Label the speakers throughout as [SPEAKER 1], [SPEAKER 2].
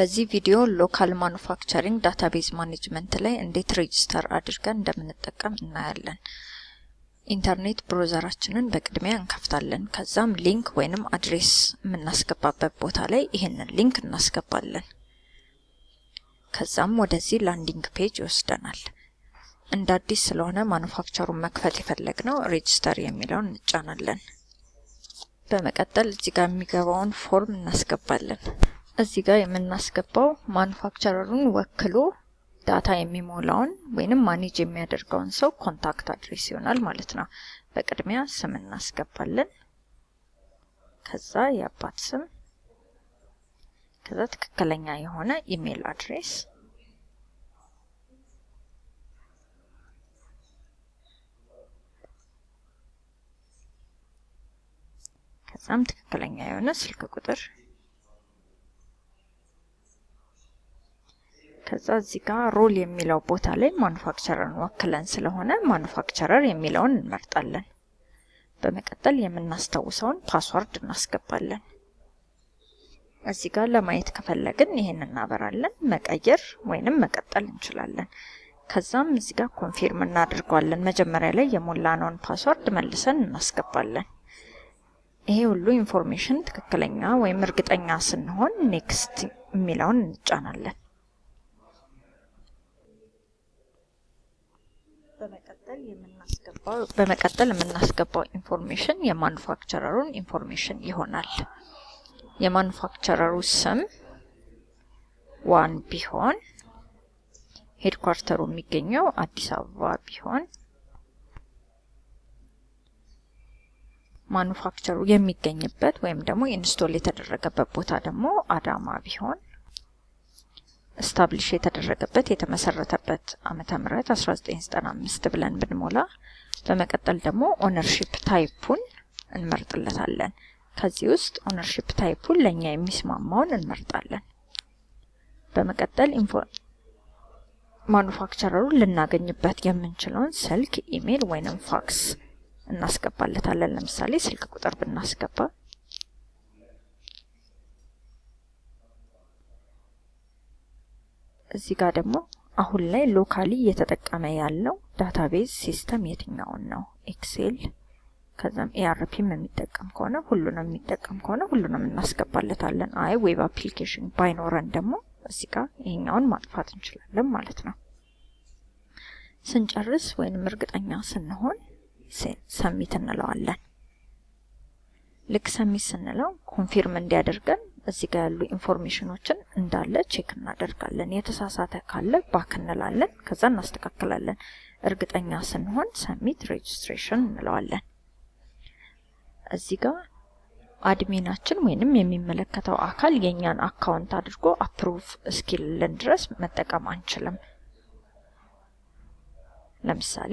[SPEAKER 1] በዚህ ቪዲዮ ሎካል ማኑፋክቸሪንግ ዳታቤዝ ማኔጅመንት ላይ እንዴት ሬጅስተር አድርገን እንደምንጠቀም እናያለን። ኢንተርኔት ብሮዘራችንን በቅድሚያ እንከፍታለን። ከዛም ሊንክ ወይንም አድሬስ የምናስገባበት ቦታ ላይ ይህንን ሊንክ እናስገባለን። ከዛም ወደዚህ ላንዲንግ ፔጅ ይወስደናል። እንደ አዲስ ስለሆነ ማኑፋክቸሩን መክፈት የፈለግነው ሬጅስተር የሚለውን እንጫናለን። በመቀጠል እዚህ ጋር የሚገባውን ፎርም እናስገባለን። እዚህ ጋር የምናስገባው ማኑፋክቸረሩን ወክሎ ዳታ የሚሞላውን ወይንም ማኔጅ የሚያደርገውን ሰው ኮንታክት አድሬስ ይሆናል ማለት ነው። በቅድሚያ ስም እናስገባለን። ከዛ የአባት ስም፣ ከዛ ትክክለኛ የሆነ ኢሜል አድሬስ ከዛም ትክክለኛ የሆነ ስልክ ቁጥር ከዛ እዚህ ጋር ሮል የሚለው ቦታ ላይ ማኑፋክቸረርን ወክለን ስለሆነ ማኑፋክቸረር የሚለውን እንመርጣለን። በመቀጠል የምናስታውሰውን ፓስዋርድ እናስገባለን። እዚህ ጋር ለማየት ከፈለግን ይሄን እናበራለን፣ መቀየር ወይንም መቀጠል እንችላለን። ከዛም እዚህ ጋር ኮንፊርም እናድርጓለን። መጀመሪያ ላይ የሞላነውን ፓስዋርድ መልሰን እናስገባለን። ይሄ ሁሉ ኢንፎርሜሽን ትክክለኛ ወይም እርግጠኛ ስንሆን ኔክስት የሚለውን እንጫናለን። በመቀጠል የምናስገባው በመቀጠል የምናስገባው ኢንፎርሜሽን የማኑፋክቸረሩን ኢንፎርሜሽን ይሆናል። የማኑፋክቸረሩ ስም ዋን ቢሆን ሄድኳርተሩ የሚገኘው አዲስ አበባ ቢሆን ማኑፋክቸሩ የሚገኝበት ወይም ደግሞ ኢንስቶል የተደረገበት ቦታ ደግሞ አዳማ ቢሆን ስታብሊሽ የተደረገበት የተመሰረተበት ዓመተ ምህረት 1995 ብለን ብንሞላ፣ በመቀጠል ደግሞ ኦነርሺፕ ታይፑን እንመርጥለታለን። ከዚህ ውስጥ ኦነርሺፕ ታይፑን ለኛ የሚስማማውን እንመርጣለን። በመቀጠል ኢንፎ ልናገኝበት የምንችለውን ስልክ፣ ኢሜል ወይንም ፋክስ እናስገባለታለን። ለምሳሌ ስልክ ቁጥር ብናስገባ እዚህ ጋር ደግሞ አሁን ላይ ሎካሊ እየተጠቀመ ያለው ዳታቤዝ ሲስተም የትኛውን ነው? ኤክሴል ከዛም ኤአርፒም የሚጠቀም ከሆነ ሁሉንም የሚጠቀም ከሆነ ሁሉንም እናስገባለታለን። አይ ዌብ አፕሊኬሽን ባይኖረን ደግሞ እዚህ ጋር ይሄኛውን ማጥፋት እንችላለን ማለት ነው። ስንጨርስ ወይንም እርግጠኛ ስንሆን ሰሚት እንለዋለን። ልክ ሰሚት ስንለው ኮንፊርም እንዲያደርገን እዚህ ጋር ያሉ ኢንፎርሜሽኖችን እንዳለ ቼክ እናደርጋለን። የተሳሳተ ካለ ባክ እንላለን፣ ከዛ እናስተካክላለን። እርግጠኛ ስንሆን ሰሚት ሬጅስትሬሽን እንለዋለን። እዚህ ጋር አድሚናችን ወይንም የሚመለከተው አካል የእኛን አካውንት አድርጎ አፕሩቭ እስኪልልን ድረስ መጠቀም አንችልም። ለምሳሌ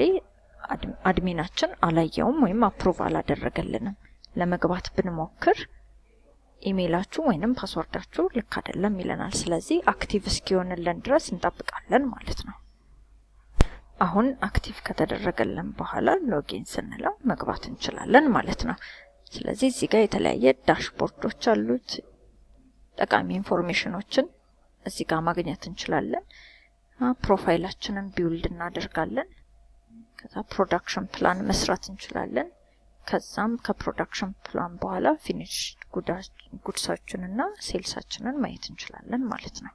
[SPEAKER 1] አድሚናችን አላየውም ወይም አፕሩቭ አላደረገልንም። ለመግባት ብንሞክር ኢሜይላችሁ ወይንም ፓስወርዳችሁ ልክ አይደለም ይለናል። ስለዚህ አክቲቭ እስኪሆንልን ድረስ እንጠብቃለን ማለት ነው። አሁን አክቲቭ ከተደረገልን በኋላ ሎጊን ስንለው መግባት እንችላለን ማለት ነው። ስለዚህ እዚህ ጋር የተለያየ ዳሽቦርዶች አሉት። ጠቃሚ ኢንፎርሜሽኖችን እዚህ ጋር ማግኘት እንችላለን። ፕሮፋይላችንን ቢውልድ እናደርጋለን። ከዛ ፕሮዳክሽን ፕላን መስራት እንችላለን። ከዛም ከፕሮዳክሽን ፕላን በኋላ ፊኒሽ ጉዳችንን ሴልሳችንን ማየት እንችላለን ማለት ነው።